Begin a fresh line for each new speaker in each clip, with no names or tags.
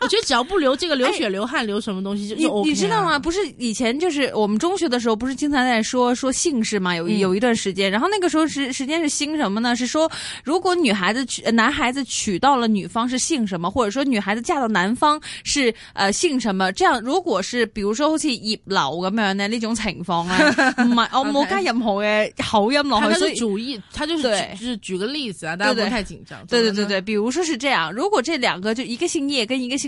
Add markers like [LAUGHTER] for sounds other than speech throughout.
我覺得只要不流這個流血流汗流什麼東西就就 OK，啊哎你。你知道嗎？不是以前就是我們中學的時候，不是經常在說說姓氏嘛？有有一段時間，嗯、然後那個時候時時間是興什麼呢？是說如果女孩子娶男孩子娶到了女方是姓什麼，或者說女孩子嫁到男方是
呃姓什麼？這樣如果是比如說好似葉，流咁樣呢？那種情況啊，唔 [LAUGHS] 哦，我冇加任何嘅口音落去。所是主意，
他就是就對是舉個例子啊，
大家對對不要太緊張。對，對對對對，比如說是這樣，如果這兩個就一個姓葉跟一個姓。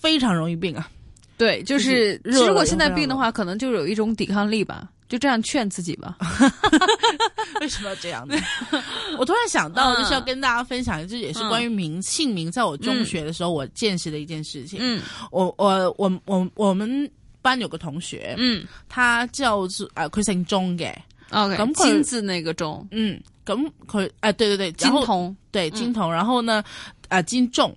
非常容易病啊，
對，就是如果現在
病的話，可能就有一種抵抗力吧，就這樣勸自己吧。為什麼要這樣子？我突然想到，就是要跟大家分享，就也是關於名姓名，在我中學的時候，我見識的一件事情。嗯，我我我我我們班有個同學，嗯，他叫做啊，佢姓鐘嘅，咁金字那個鐘，嗯，咁佢啊，對對對，金童，對金童，然後呢啊，金重。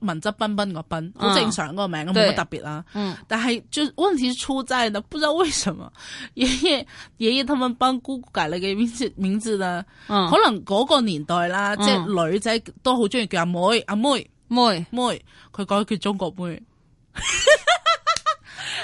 文質彬彬，個彬，好正常個名，都冇乜特別啦，嗯、但係就問題是出係，啦不知道，為什麼爺爺爺爺他們幫姑姑介紹嘅名字名字啦，嗯、可能嗰個年代啦，即係、嗯、女仔都好中意叫阿妹阿妹妹妹，佢改叫中國妹。妹 [LAUGHS]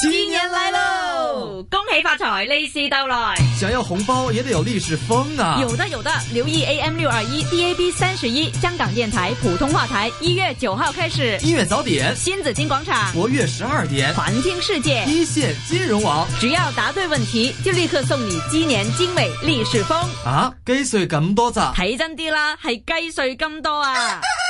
新年來嘍，恭喜發財，利是到來。
想要紅包也得有利是封啊！有的
有的，留意 AM 六二一 DAB 三十一香港電台普通話台，一月九號開始音樂早點，新紫荊廣場，活躍十二點，環聽世界，一綫金融網。只要答對問題，就立刻送你今年精美利是封啊！雞碎咁多咋？睇真啲啦，係雞碎咁多啊！ [LAUGHS]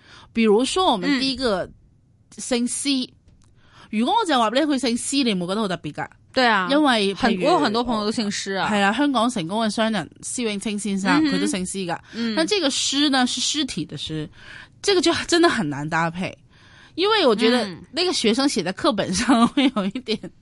比如說我們第一個姓施、嗯、如果我就話俾你佢姓施，你冇覺得好特別噶？對啊，因為很我有很多朋友都姓施啊。係啊，香港成功嘅商人施永青先生，佢、嗯、哼都姓施噶。嗯，但這個施呢是屍體的屍這個就真的很難搭配，因為我覺得那個學生寫在課本上會有一點、嗯。 [LAUGHS]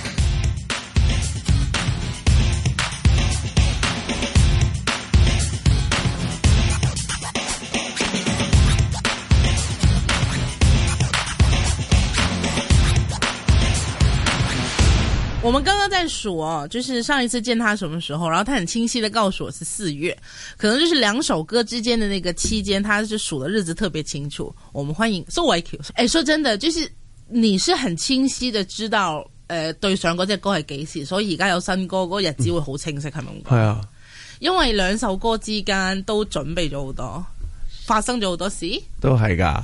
我們剛剛在數哦，就是上一次見他什麼時候，然後他很清晰的告訴我是四月，可能就是兩首歌之間的那個期間，他是數的日子特別清楚。我們歡迎蘇偉喬。誒、嗯，說真的，就是你是很清晰的知道，誒、呃，對上嗰隻歌係幾時，所以而家有新歌嗰個日子會好清晰，係咪咁？係啊嗎，嗯、因為兩首歌之間都準備咗好多，發生咗好多事，
都係噶。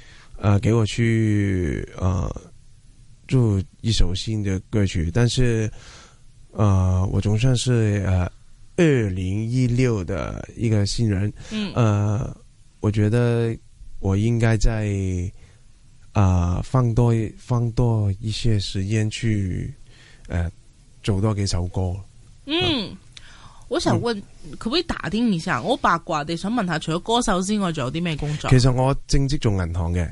啊、呃，給我去啊、呃，做一首新的歌曲，但是啊、呃，我總算是啊，二零一六的一個新人。嗯，啊、呃，我覺得我應該再啊，放多放多一些時間去誒、呃，做多幾首歌。嗯，
嗯，我想問，嗯、可不可以打聽一下？我八卦地想問下，除咗歌手之外，仲有啲咩工作？其實
我正職做銀行嘅。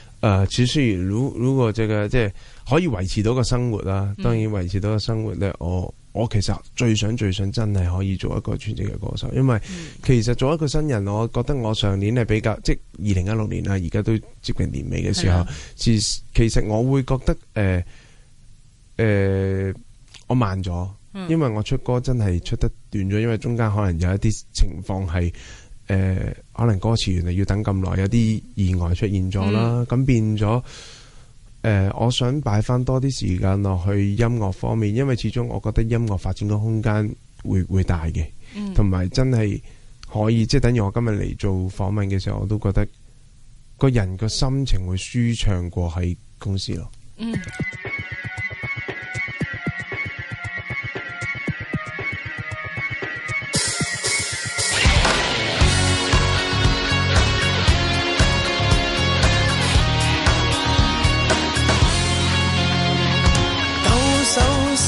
誒、呃這個，即使如如果只嘅即係可以維持到個生活啦，嗯、當然維持到個生活咧，我我其實最想最想真係可以做一個全職嘅歌手，因為其實做一個新人，我覺得我上年係比較，即係二零一六年啦，而家都接近年尾嘅時候，嗯、其實我會覺得誒誒、呃呃，我慢咗，因為我出歌真係出得斷咗，因為中間可能有一啲情況係。誒、呃，可能歌詞原來要等咁耐，嗯、有啲意外出現咗啦，咁、嗯、變咗誒、呃，我想擺翻多啲時間落去音樂方面，因為始終我覺得音樂發展嘅空間會會大嘅，同埋、嗯、真係可以，即、就、係、是、等於我今日嚟做訪問嘅時候，我都覺得個人個心情會舒暢過喺公司咯，
嗯。 [LAUGHS]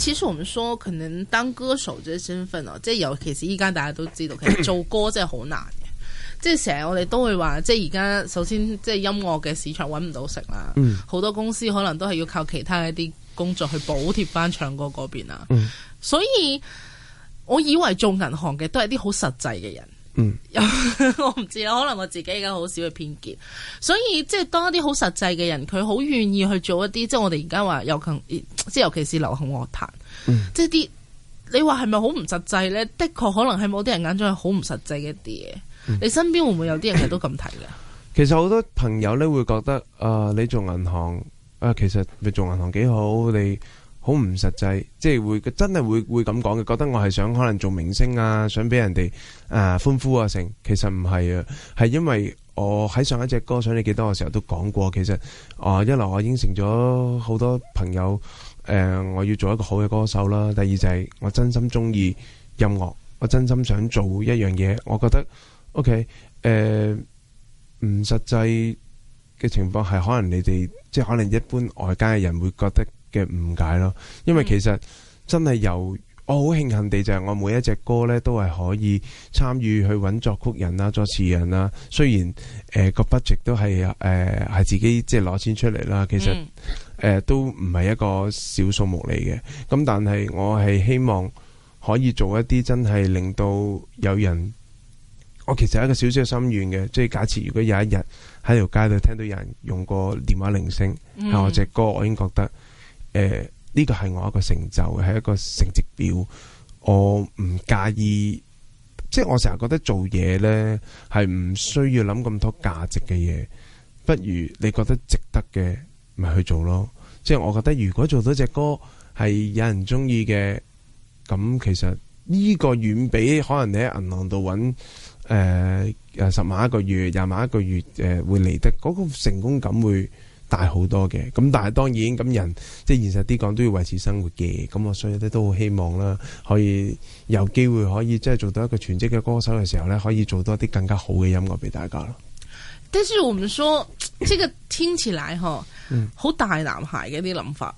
其實我們說，可能當歌手這身份啊，即係尤其是依家大家都知道，其實做歌真係好難嘅， [COUGHS] 即係成日我哋都會話，即係而家首先即係音樂嘅市場搵唔到食啦，好、嗯、多公司可能都係要靠其他一啲工作去補貼翻唱歌嗰邊啊，嗯、所以我以為做銀行嘅都係啲好實際嘅人。嗯， [LAUGHS] 我唔知啦，可能我自己而家好少去偏見，所以即係當一啲好實際嘅人，佢好願意去做一啲即係我哋而家話尤其即係尤其是流行樂壇，嗯、即係啲你話係咪好唔實際呢？的確可能係某啲人眼中係好唔實際嘅一啲嘢，嗯、呃。你身邊會唔會有啲人係都咁睇嘅？
其實好多朋友呢，會覺得誒，你做銀行誒，其實你做銀行幾好，你。好唔實際，即係會真係會會咁講嘅，覺得我係想可能做明星啊，想俾人哋啊歡呼啊成，其實唔係啊，係因為我喺上一隻歌想你幾多嘅時候都講過，其實啊，一來我應承咗好多朋友，誒、呃，我要做一個好嘅歌手啦，第二就係、係、我真心中意音樂，我真心想做一樣嘢，我覺得 OK，誒、呃，唔實際嘅情況係可能你哋即係可能一般外界嘅人會覺得。嘅誤解咯，因為其實真係由我好慶幸地就係我每一隻歌咧都係可以參與去揾作曲人啦、作詞人啦。雖然誒、呃、個 budget 都係誒係自己即係攞錢出嚟啦，其實誒、呃、都唔係一個小數目嚟嘅。咁但係我係希望可以做一啲真係令到有人，我其實係一個小小心願嘅，即係假設如果有一日喺條街度聽到有人用過電話鈴聲，係、嗯、我隻歌，我已經覺得。誒，呢個係我一個成就，係一個成績表。我唔介意，即係我成日覺得做嘢呢係唔需要諗咁多價值嘅嘢，不如你覺得值得嘅咪去做咯。即係我覺得如果做到隻歌係有人中意嘅，咁其實呢個遠比可能你喺銀行度揾誒誒十萬一個月、廿萬一個月誒會嚟得嗰個成功感會。大好多嘅，咁但係當然咁人即係現實啲講都要維持生活嘅，咁我所以咧都好希望啦，可以有機會可以即係做到一個全職嘅歌手嘅時候咧，可以做多啲更加好嘅音樂俾大家咯。
但是我們說，這個聽起來，嗬，好大男孩嘅一啲諗法。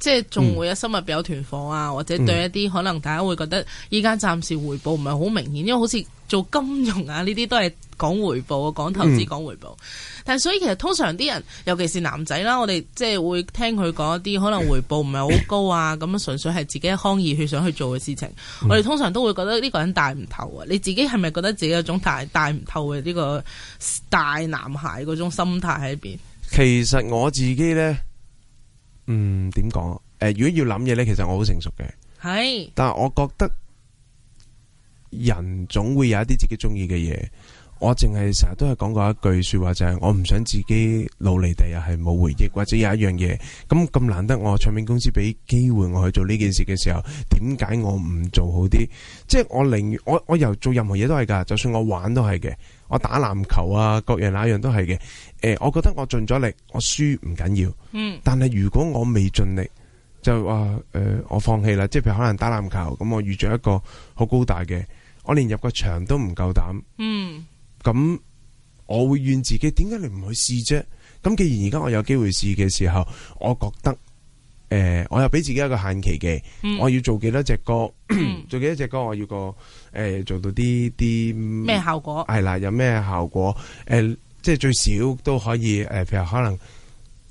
即係仲會有心入邊有團火啊，嗯、或者對一啲可能大家會覺得依家暫時回報唔係好明顯，嗯、因為好似做金融啊呢啲都係講回報啊，講投資講回報。嗯、但係所以其實通常啲人，尤其是男仔啦，我哋即係會聽佢講一啲可能回報唔係好高啊，咁純、嗯、純粹係自己一腔熱血去想去做嘅事情。嗯、我哋通常都會覺得呢個人大唔透啊，你自己係咪覺得自己有種大大唔透嘅呢個大男孩嗰種心態喺邊？
其實我自己呢。嗯，點講？誒、呃，如果要諗嘢呢，其實我好成熟嘅。係，但係我覺得人總會有一啲自己中意嘅嘢。我淨係成日都係講過一句說話，就係我唔想自己努力地，第日係冇回憶，或者有一樣嘢咁咁難得我。我唱片公司俾機會我去做呢件事嘅時候，點解我唔做好啲？即係我寧願我我由做任何嘢都係噶，就算我玩都係嘅。我打籃球啊，各樣那樣都係嘅。誒、呃，我覺得我盡咗力，我輸唔緊要。係嗯。但係如果我未盡力，就話誒、呃、我放棄啦。即係譬如可能打籃球，咁我遇著一個好高大嘅，我連入個場都唔夠膽。嗯。咁我會怨自己，點解你唔去試啫？咁既然而家我有機會試嘅時候，我覺得誒、呃，我又俾自己一個限期嘅，嗯、我要做幾多隻歌， [COUGHS] 做幾多隻歌我要個。誒，做到啲啲咩效果？係啦，有咩效果？誒、呃，即、就、係、是、最少都可以，誒、呃，譬如可能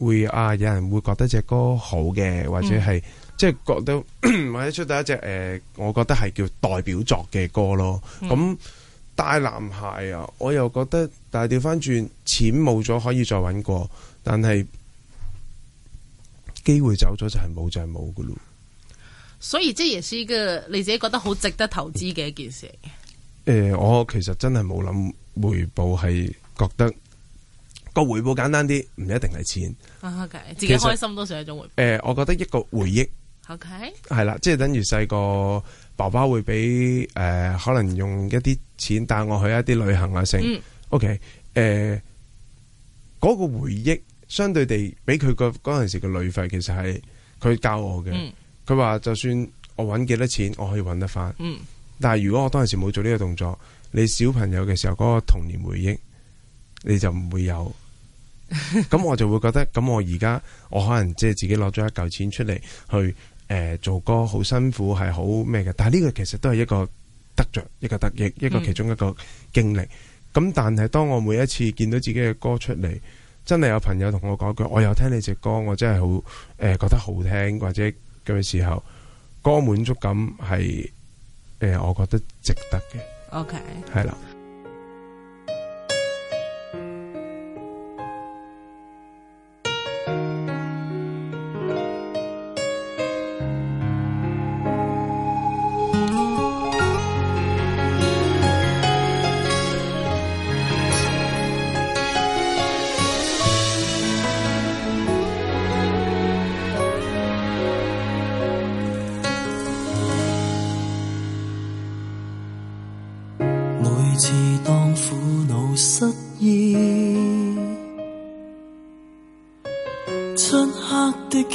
會啊，有人會覺得隻歌好嘅，或者係即係覺得咳咳，或者出到一隻誒、呃，我覺得係叫代表作嘅歌咯。咁大、嗯、男孩啊，我又覺得，但係調翻轉，錢冇咗可以再搵過，但係機會走咗就係冇，就係冇噶咯。
所以即係是一個你自己覺得好值得投資嘅一件事。
誒、呃，我其實真係冇諗回報，係覺得個回報簡單啲，唔一定係錢。OK，自己開心都算一種回報。誒、呃，我覺得一個回憶。OK。係啦，即係等於細個爸爸會俾誒、呃，可能用一啲錢帶我去一啲旅行啊，成、嗯。OK，誒、呃，嗰、那個回憶相對地、那個，俾佢個嗰陣時嘅旅費，其實係佢教我嘅。嗯佢話就算我揾幾多錢，我可以揾得翻。嗯、但係如果我當時冇做呢個動作，你小朋友嘅時候嗰個童年回憶，你就唔會有。咁 [LAUGHS] 我就會覺得，咁我而家我可能即係自己攞咗一嚿錢出嚟去誒、呃、做歌，好辛苦係好咩嘅？但係呢個其實都係一個得着，一個得益，一個其中一個經歷。咁、嗯、但係當我每一次見到自己嘅歌出嚟，真係有朋友同我講句，我又聽你隻歌，我真係好誒、呃、覺得好聽，或者。嘅時候，嗰個滿足感係、呃、我覺得值得嘅。OK，係啦。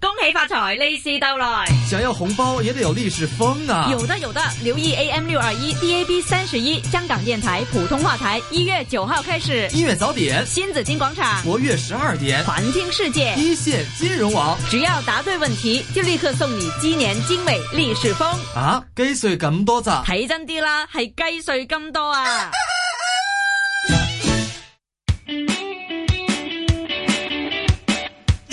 恭喜發財，利是到來！
想要紅包也得有利是封
啊！有的
有的，留意 AM 六二一 DAB 三十一香港電台普通話台，一月九號開始音樂早點，新紫金廣場，每月十二點，凡聽世界一線金融網，只要答對問題，就立刻送你雞年精美利是封啊！雞碎咁多咋？睇真啲啦，係雞碎咁多啊！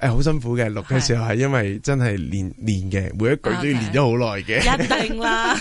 誒，好、欸、辛苦嘅錄嘅時候係因為真係練練嘅，每一句都要練咗好耐嘅，一定啦，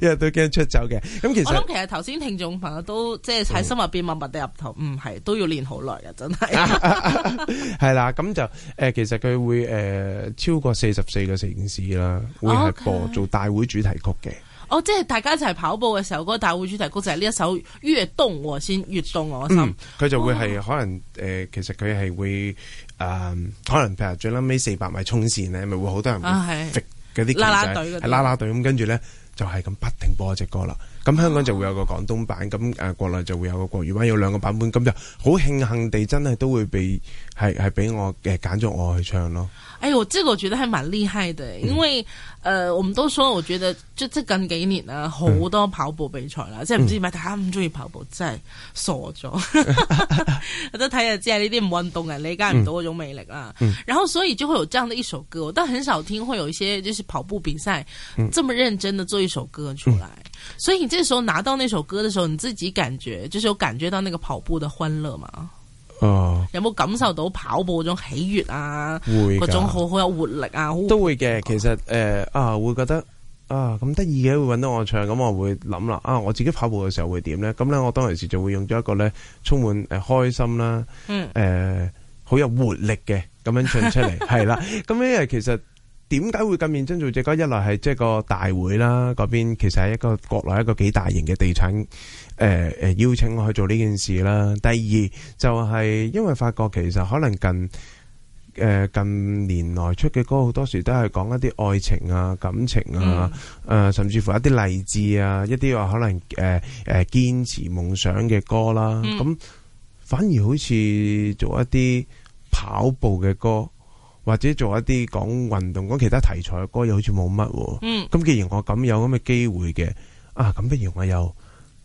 因為都驚出走嘅。咁其實我諗其
實頭先聽眾朋友都即係喺心入邊默默地入頭，唔係、哦、都要練好耐嘅，真係、
啊。係、啊、啦，咁 [LAUGHS] 就誒、呃，其實佢會誒、呃、超過四十四個城市啦，會係播 Okay. 做大會主題曲嘅。
哦，即係大家一齊跑步嘅時候，嗰、那個大會主題曲就係呢一首越動我越動我《越凍先越凍我心》嗯，佢就會係、哦、
可能，誒、呃，其實佢係會誒、呃，可能譬如最 last 尾四百米衝線咧，咪、嗯、會好多人啊，係嗰啲啦啦隊，係啦啦隊，咁跟住咧就係咁不停播隻歌啦。咁香港就會有個廣東版，咁誒、哦、國內就會有個國語版，有兩個版本。咁就好慶幸地，真係都會被係係俾我誒揀咗我去唱咯。
哎呦，我這個我覺得還蠻厲害的，因為，嗯、呃我們都說，我覺得即係近幾年啊，好多跑步比賽啦，即係唔知點解、嗯、大家咁中意跑步，真係傻咗，我都睇下，即係呢啲唔運動嘅理解唔到嗰種魅力啦。嗯嗯、然後所以就會有這樣的一首歌，我倒很少聽會有一些就是跑步比賽、嗯、這麼認真的做一首歌出來。嗯、所以你這時候拿到那首歌的時候，你自己感覺就是有感覺到那個跑步的歡樂嘛？哦，有冇感受到跑步嗰種喜悅啊？會的，嗰種好
好有活力啊！都會嘅，哦、其實誒、呃、啊，會覺得啊咁得意嘅會搵到我唱，咁我會諗啦啊，我自己跑步嘅時候會點咧？咁咧，我當時就會用咗一個咧充滿誒開心啦，嗯誒好、呃、有活力嘅咁樣唱出嚟，係啦。 [LAUGHS] 咁因為其實點解會咁認真做隻、這、歌、個？一來係即係個大會啦，嗰邊其實係一個國內一個幾大型嘅地產。誒、呃、邀請我去做呢件事啦。第二就係、是、因為發覺其實可能近、呃、近年來出嘅歌好多時都係講一啲愛情啊、感情啊，誒、嗯呃、甚至乎一啲勵志啊、一啲話可能誒誒、呃呃、堅持夢想嘅歌啦。咁、嗯、反而好似做一啲跑步嘅歌，或者做一啲講運動、講其他題材嘅歌，又好似冇乜。嗯。咁既然我咁有咁嘅機會嘅，啊咁，不如我又。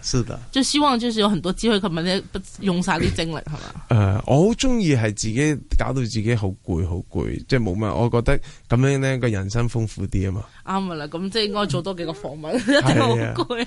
是的，
就希望就是有很多機會，佢唔使用晒啲精力係嘛？誒、
呃，我好中意係自己搞到自己好攰，好攰，即係冇乜。我覺得咁樣咧，個人生豐富啲啊嘛。
啱嘅啦，咁即係應該做多幾個訪問，一定好攰。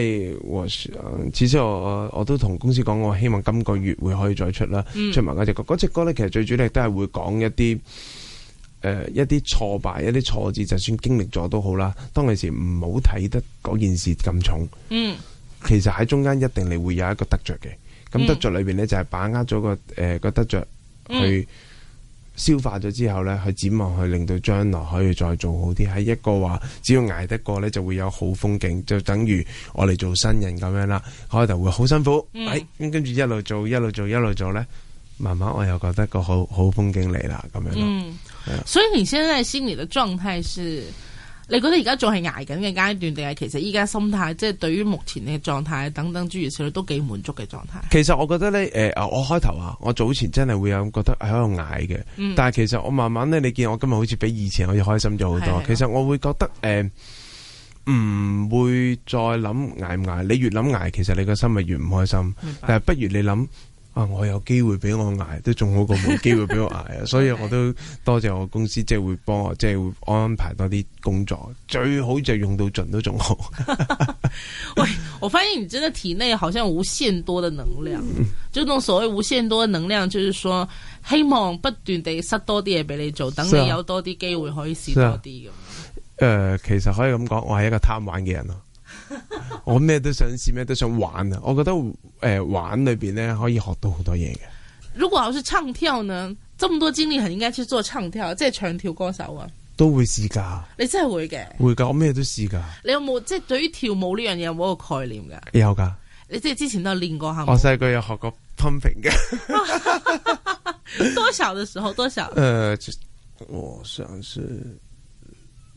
其實我至少我我都同公司講，我希望今個月會可以再出啦，嗯、出埋嗰隻歌。嗰隻歌呢，其實最主要都係會講一啲誒、呃，一啲挫敗，一啲挫折，就算經歷咗都好啦。當陣時唔好睇得嗰件事咁重，
嗯，
其實喺中間一定你會有一個得着嘅。咁得着裏邊呢，嗯、就係把握咗個誒、呃、個得着去。嗯消化咗之後呢，去展望去令到將來可以再做好啲，喺一個話只要捱得過呢，就會有好風景，就等於我哋做新人咁樣啦。開頭會好辛苦，誒、嗯，跟住、哎、一路做一路做一路做呢，慢慢我又覺得個好好風景嚟啦，咁樣咯。嗯、樣
所以你現在心裡嘅狀態是。你覺得而家仲係捱緊嘅階段，定係其實依家心態，即係對於目前嘅狀態等等諸如此類都幾滿足嘅狀態？
其實我覺得咧，誒、呃、我開頭啊，我早前真係會有覺得喺度捱嘅，嗯、但係其實我慢慢咧，你見我今日好似比以前好似開心咗好多。的其實我會覺得誒，唔、呃、會再諗捱唔捱。你越諗捱，其實你個心咪越唔開心。白但係不如你諗。啊！我有機會俾我挨，都仲好過冇機會俾我挨啊！ [LAUGHS] 所以我都多謝我公司，即、就、係、是、會幫我，即、就、係、是、會安排多啲工作，最好就是用到盡都仲好。 [LAUGHS]
[LAUGHS] 喂，我發現你真係體內好像無限多的能量，嗯、就咁所謂無限多的能量，就是說希望不斷地塞多啲嘢俾你做，等你有多啲機會可以試多啲
咁。誒、 [LAUGHS] 呃，其實可以咁講，我係一個貪玩嘅人咯。 [LAUGHS] 我咩都想試，咩都想玩啊！我覺得誒、呃，玩裏邊咧可以學到好多嘢嘅。
如果係唱跳呢，咁多經驗人應該去做唱跳，即係唱跳歌手啊，
都會試噶。
你真係會嘅，
會噶，我咩都試噶。
你有冇即係對於跳舞呢樣嘢有冇一個概念噶？有噶的，你即係之前都有練過，我
細個有學過 Pumping 嘅，
多少嘅時候多少？
誒、呃，我想試。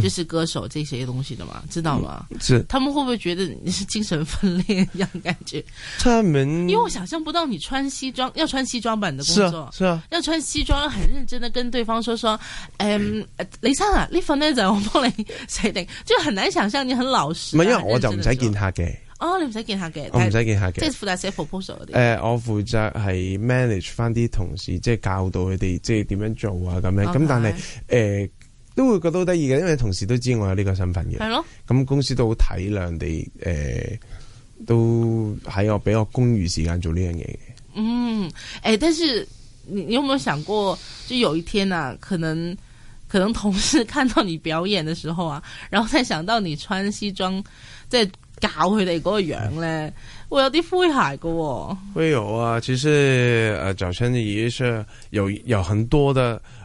就是歌手這些東西的嘛，知道嗎？是，他們會不會覺得你是精神分裂一樣感覺？他們因為我想象不到你穿西裝，要穿西裝版的工作，是啊，要穿西裝，很認真的跟對方說說，誒，李生啊，呢份咧就我幫你寫定，就很難想象你很老實。唔係，因為我就唔
使見客嘅。
哦，你唔使見客嘅，我唔
使見客嘅。即係負
責寫 proposal 嘅。
誒，我負責係 manage 翻啲同事，即係教導佢哋，即係點樣做啊咁樣。咁但係誒。都會覺得好得意嘅，因為同事都知我有呢個身份嘅。係咯，咁公司都好體諒地，誒，都喺我俾我公餘時間做呢樣嘢。嗯，誒、
哎，但係你，你有冇有想過，就有一天啊，可能可能同事看到你表演嘅時候啊，然後再想到你穿西裝，即係搞佢哋嗰個樣咧，會有啲詼諧
嘅。
會有啊，其實誒、呃，早晨嘅儀式有有很多嘅。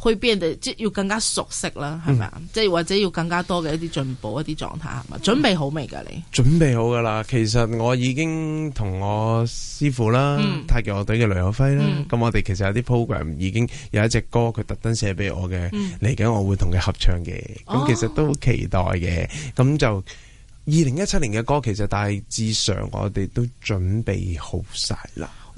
去俾人哋，即係要更加熟悉啦，係咪啊？即係、嗯、或者要更加多嘅一啲進步，一啲狀態係嘛？準備好未噶你？嗯、
準備好噶啦，其實我已經同我師傅啦、嗯、太極樂隊嘅雷友輝啦，咁、嗯、我哋其實有啲 program，已經有一隻歌佢特登寫俾我嘅，嚟緊、嗯、我會同佢合唱嘅，咁其實都好期待嘅，咁就二零一七年嘅歌，其實大致上我哋都準備好晒啦。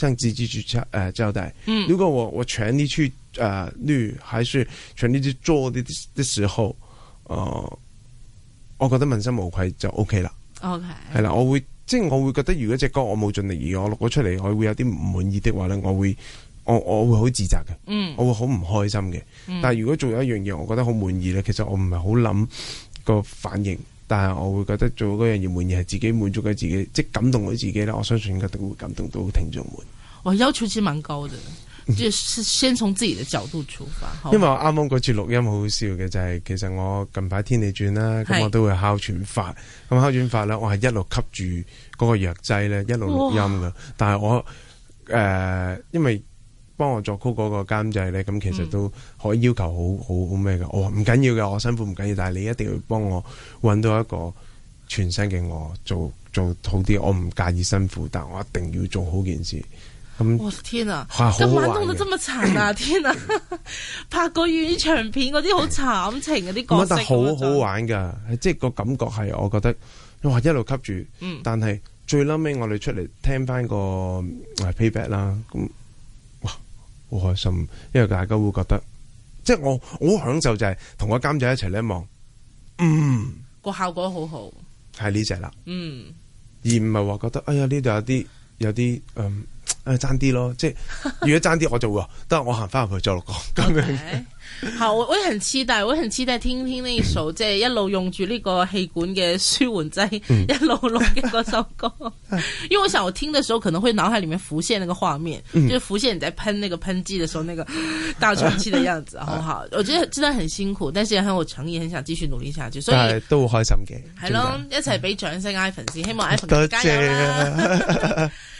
向自己去交誒交代，呃嗯、如果我我全力去啊律還是全力去做啲的時候，哦、呃，我覺得問心無愧就 OK 啦。
OK 係
啦，我會即係我會覺得如果隻歌我冇盡力而我錄咗出嚟我會有啲唔滿意的話咧，我會我我會好自責嘅，我會好唔、嗯、開心嘅。但係如果仲有一樣嘢，我覺得好滿意咧，其實我唔係好諗個反應。但係我會覺得做嗰樣嘢滿意係自己滿足緊自己，即係感動緊自己啦。我相信佢一定會感動到聽眾們。
我要求其實蠻高嘅，即係 [LAUGHS] 先從自己嘅角度出發。因為
我啱啱嗰次錄音好好笑嘅就係、是，其實我近排天地轉啦，咁我都會哮喘發。咁哮的喘發啦，我係一路吸住嗰個藥劑咧，一路錄音㗎。哇但係我誒、呃，因為。.幫我作曲嗰個監製咧，咁其實都可以要求好好好咩噶？我唔緊要嘅，我辛苦唔緊要，但係你一定要幫我搵到一個全新嘅我，做做好啲。我唔介意辛苦，但我一定要做好件事。咁、嗯，
我天啊，今晚弄得都這麼慘啊！ [COUGHS] 天啊，拍個院長片嗰啲好慘情嗰啲角色、嗯、好
好玩噶，即係個感覺係我覺得哇一路吸住，嗯、但係最嬲尾我哋出嚟聽翻個 payback 啦咁。好開心，因為大家會覺得，即係我我好享受就係同個監仔一齊咧望，嗯，
個效果好好，
係呢隻啦，嗯，而唔係話覺得哎呀呢度有啲有啲嗯誒爭啲咯，即係如果爭啲我就會，得 [LAUGHS] 我行翻入去再落講講嘅。Okay? [LAUGHS]
好，我我也很期待，我也很期待聽聽那一首，即係、嗯、一路用住呢個氣管嘅舒緩劑，嗯、一路錄嘅嗰首歌。嗯、因為我想，我聽的時候可能會腦海裏面浮現那個畫面，嗯、就是浮現你在噴那個噴劑的時候，那個大喘氣的樣子，嗯、好好。嗯、我覺得真的很辛苦，但是也很有誠意、很想繼續努力下去，所以
都會開心嘅。係咯，
一齊俾掌聲，Ivan 先，希望 Ivan 加油啦。
[LAUGHS]